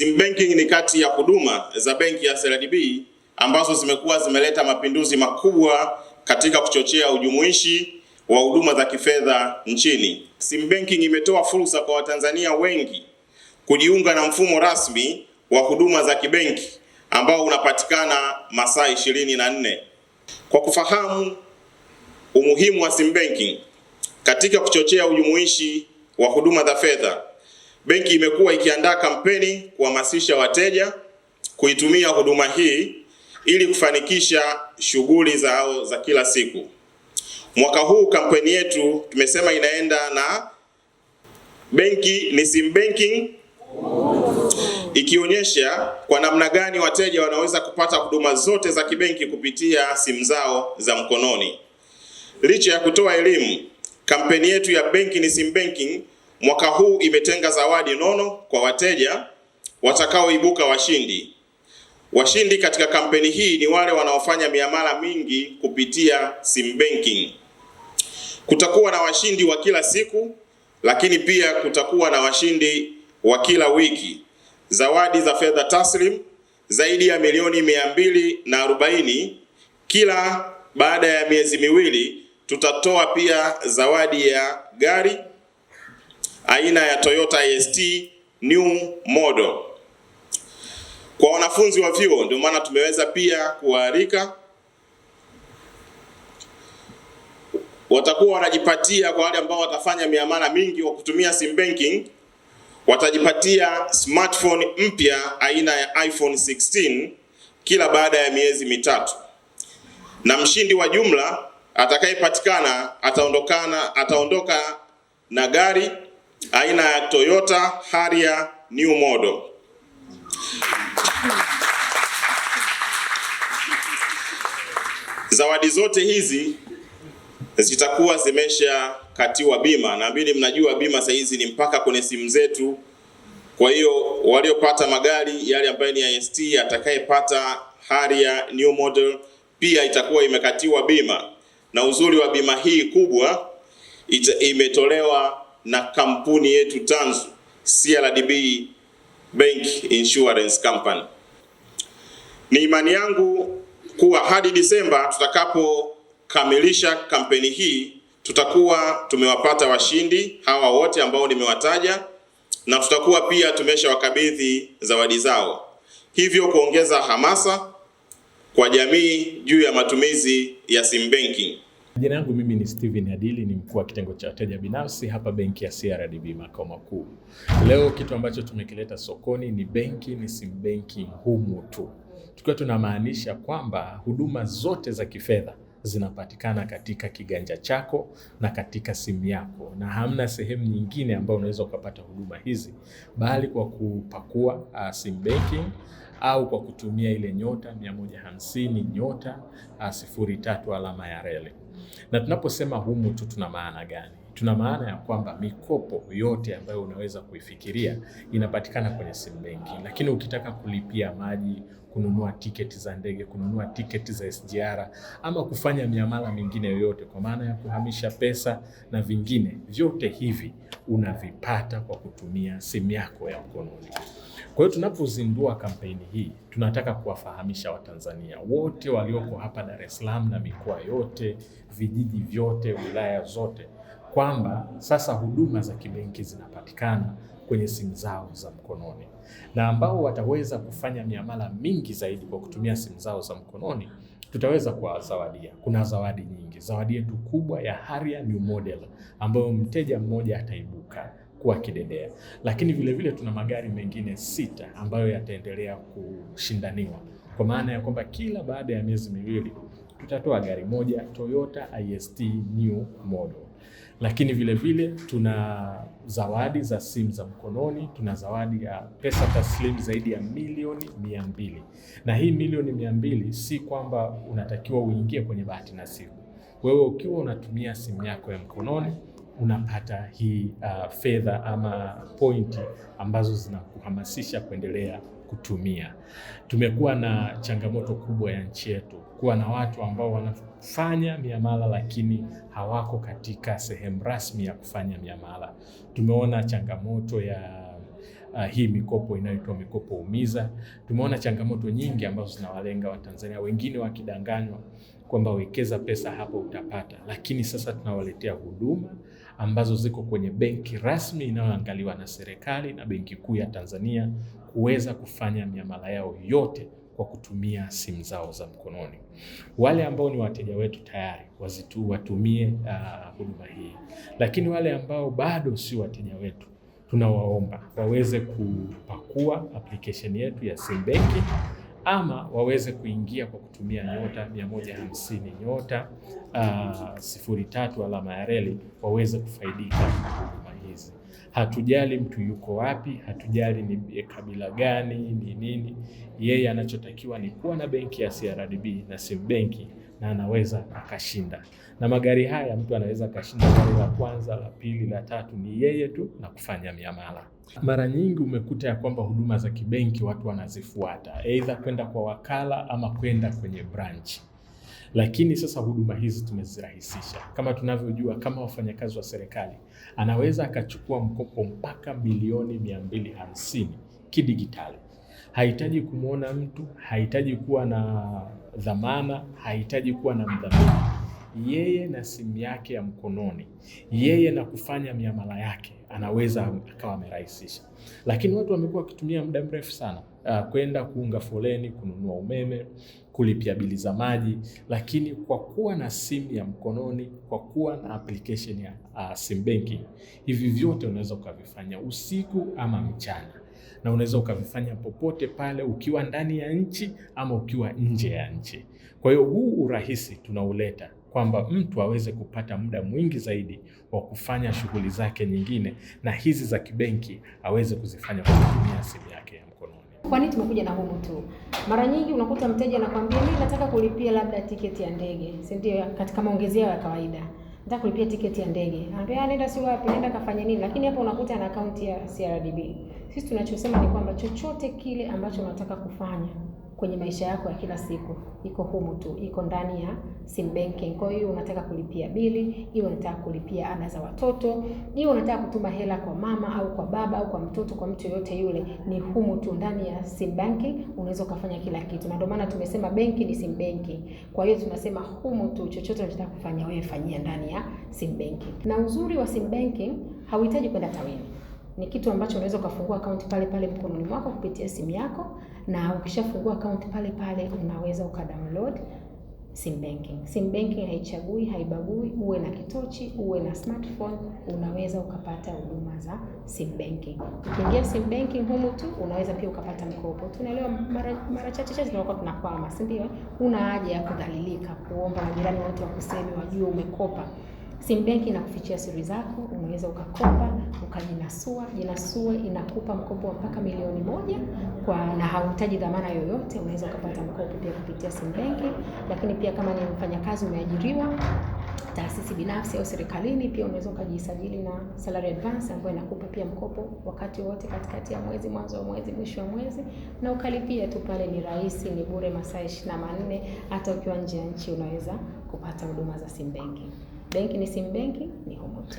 Sim banking ni kati ya huduma za benki ya CRDB ambazo zimekuwa zimeleta mapinduzi makubwa katika kuchochea ujumuishi wa huduma za kifedha nchini. Sim banking imetoa fursa kwa Watanzania wengi kujiunga na mfumo rasmi wa huduma za kibenki ambao unapatikana masaa ishirini na nne. Kwa kufahamu umuhimu wa Sim banking katika kuchochea ujumuishi wa huduma za fedha benki imekuwa ikiandaa kampeni kuhamasisha wateja kuitumia huduma hii ili kufanikisha shughuli zao za kila siku. Mwaka huu kampeni yetu tumesema inaenda na benki ni sim banking, ikionyesha kwa namna gani wateja wanaweza kupata huduma zote za kibenki kupitia simu zao za mkononi. Licha ya kutoa elimu, kampeni yetu ya benki ni sim banking Mwaka huu imetenga zawadi nono kwa wateja watakaoibuka washindi. Washindi katika kampeni hii ni wale wanaofanya miamala mingi kupitia sim banking. Kutakuwa na washindi wa kila siku, lakini pia kutakuwa na washindi wa kila wiki. Zawadi za fedha taslim zaidi ya milioni mia mbili na arobaini kila baada ya miezi miwili. Tutatoa pia zawadi ya gari aina ya Toyota IST new model kwa wanafunzi wa vyuo. Ndio maana tumeweza pia kuwaalika, watakuwa wanajipatia kwa wale ambao watafanya miamala mingi kwa kutumia sim banking, watajipatia smartphone mpya aina ya iPhone 16 kila baada ya miezi mitatu, na mshindi wa jumla atakayepatikana ataondokana ataondoka na gari aina ya Toyota Harrier new model. Zawadi zote hizi zitakuwa zimeshakatiwa bima, na mnajua bima sasa hizi ni mpaka kwenye simu zetu. Kwa hiyo waliopata magari yale ambayo ni IST, atakayepata Harrier new model pia itakuwa imekatiwa bima, na uzuri wa bima hii kubwa ita, imetolewa na kampuni yetu tanzu CRDB Bank Insurance Company. Ni imani yangu kuwa hadi Disemba tutakapokamilisha kampeni hii tutakuwa tumewapata washindi hawa wote ambao nimewataja na tutakuwa pia tumeshawakabidhi zawadi zao, hivyo kuongeza hamasa kwa jamii juu ya matumizi ya sim banking jina yangu mimi ni Steven Adili, ni mkuu wa kitengo cha wateja binafsi hapa benki ya CRDB makao makuu. Leo kitu ambacho tumekileta sokoni ni benki ni sim benki humu tu, tukiwa tunamaanisha kwamba huduma zote za kifedha zinapatikana katika kiganja chako na katika simu yako, na hamna sehemu nyingine ambayo unaweza ukapata huduma hizi, bali kwa kupakua uh, sim banking au kwa kutumia ile nyota 150 nyota uh, sifuri tatu alama ya reli. Na tunaposema humu tu tuna maana gani? Tuna maana ya kwamba mikopo yote ambayo unaweza kuifikiria inapatikana kwenye simu benki, lakini ukitaka kulipia maji, kununua tiketi za ndege, kununua tiketi za SGR ama kufanya miamala mingine yoyote, kwa maana ya kuhamisha pesa na vingine vyote hivi unavipata kwa kutumia simu yako ya mkononi. Kwa hiyo tunapozindua kampeni hii tunataka kuwafahamisha Watanzania wote walioko hapa Dar es Salaam na mikoa yote, vijiji vyote, wilaya zote kwamba sasa huduma za kibenki zinapatikana kwenye simu zao za mkononi, na ambao wataweza kufanya miamala mingi zaidi kwa kutumia simu zao za mkononi tutaweza kuwazawadia. Kuna zawadi nyingi. Zawadi yetu kubwa ya Harrier New Model ambayo mteja mmoja ataibuka kuwa kidedea, lakini vilevile tuna magari mengine sita ambayo yataendelea kushindaniwa kwa maana ya kwamba kila baada ya miezi miwili tutatoa gari moja Toyota IST new model, lakini vilevile vile, tuna zawadi za simu za mkononi, tuna zawadi ya pesa taslim zaidi ya milioni mia mbili na hii milioni mia mbili si kwamba unatakiwa uingie kwenye bahati nasibu. Wewe ukiwa unatumia simu yako ya mkononi unapata hii uh, fedha ama pointi ambazo zinakuhamasisha kuendelea kutumia. Tumekuwa na changamoto kubwa ya nchi yetu kuwa na watu ambao wanafanya miamala lakini hawako katika sehemu rasmi ya kufanya miamala. Tumeona changamoto ya Uh, hii mikopo inayoitwa mikopo umiza. Tumeona changamoto nyingi ambazo zinawalenga Watanzania, wengine wakidanganywa kwamba wekeza pesa hapo utapata, lakini sasa tunawaletea huduma ambazo ziko kwenye benki rasmi inayoangaliwa na serikali na Benki Kuu ya Tanzania kuweza kufanya miamala yao yote kwa kutumia simu zao za mkononi. Wale ambao ni wateja wetu tayari wazitu watumie uh, huduma hii, lakini wale ambao bado si wateja wetu tunawaomba waweze kupakua application yetu ya SimBenki ama waweze kuingia kwa kutumia nyota 150 nyota ah, sifuri tatu alama ya reli waweze kufaidika huduma hizi. Hatujali mtu yuko wapi, hatujali ni kabila gani, ni nini, yeye anachotakiwa ni kuwa na benki ya CRDB na simu benki na anaweza akashinda. Na magari haya mtu anaweza akashinda gari la kwanza, la pili, la tatu, ni yeye tu na kufanya miamala. Mara nyingi umekuta ya kwamba huduma za kibenki watu wanazifuata aidha kwenda kwa wakala ama kwenda kwenye branch, lakini sasa huduma hizi tumezirahisisha. Kama tunavyojua, kama wafanyakazi wa serikali, anaweza akachukua mkopo mpaka milioni mia mbili hamsini kidigitali. Hahitaji kumwona mtu, hahitaji kuwa na dhamana, hahitaji kuwa na mdhamini yeye na simu yake ya mkononi, yeye na kufanya miamala yake anaweza akawa amerahisisha, lakini watu wamekuwa wakitumia muda mrefu sana uh, kwenda kuunga foleni, kununua umeme, kulipia bili za maji, lakini kwa kuwa na simu ya mkononi, kwa kuwa na application ya uh, ah, sim banking, hivi vyote unaweza ukavifanya usiku ama mchana, na unaweza ukavifanya popote pale, ukiwa ndani ya nchi ama ukiwa nje ya nchi. Kwa hiyo huu urahisi tunauleta kwamba mtu aweze kupata muda mwingi zaidi wa kufanya shughuli zake nyingine, na hizi za kibenki aweze kuzifanya kwa kutumia simu yake ya mkononi. Kwa nini tumekuja na humu tu? Mara nyingi unakuta mteja anakwambia mimi nataka kulipia labda tiketi ya ndege, si ndio? Katika maongezi yao ya kawaida nataka kulipia tiketi ya ndege, anambia ah, nenda, si wapi, nenda kafanya nini, lakini hapa unakuta ana akaunti ya CRDB. Sisi tunachosema ni kwamba chochote kile ambacho unataka kufanya kwenye maisha yako ya kila siku, iko humu tu, iko ndani ya sim banking. Kwa hiyo unataka kulipia bili, iwe unataka kulipia ada za watoto, iwe unataka kutuma hela kwa mama au kwa baba au kwa mtoto, kwa mtu yoyote yule, ni humu tu ndani ya sim banking unaweza ukafanya kila kitu, na ndio maana tumesema benki ni sim banking. Kwa hiyo tunasema humu tu, chochote unachotaka kufanya wewe fanyia ndani ya sim banking, na uzuri wa sim banking hauhitaji kwenda tawini ni kitu ambacho unaweza ukafungua akaunti pale pale mkononi mwako kupitia simu yako, na ukishafungua akaunti pale pale unaweza ukadownload sim banking. Sim banking haichagui, haibagui, uwe na kitochi, uwe na smartphone, unaweza ukapata huduma za sim banking. Ukiingia sim banking humu tu unaweza pia ukapata mkopo. Tunaelewa mara, mara chache chache tunakuwa tunakwama, si ndio? Una haja ya kudhalilika, kuomba majirani wote wakuseme, wajue umekopa. Sim Bank inakufichia siri zako, unaweza ukakopa ukajinasua. Jinasue inakupa mkopo wa mpaka milioni moja kwa na hauhitaji dhamana yoyote. Unaweza ukapata mkopo pia kupitia Sim Bank. lakini pia kama ni mfanyakazi umeajiriwa taasisi binafsi au serikalini, pia unaweza ukajisajili na salary advance ambayo inakupa pia mkopo wakati wote, katikati ya mwezi, mwanzo wa mwezi, mwisho wa mwezi, na ukalipia tu pale. Ni rahisi, ni bure, masaa ishirini na manne. Hata ukiwa nje ya nchi unaweza kupata huduma za Simbenki. Benki ni simu benki ni Humute.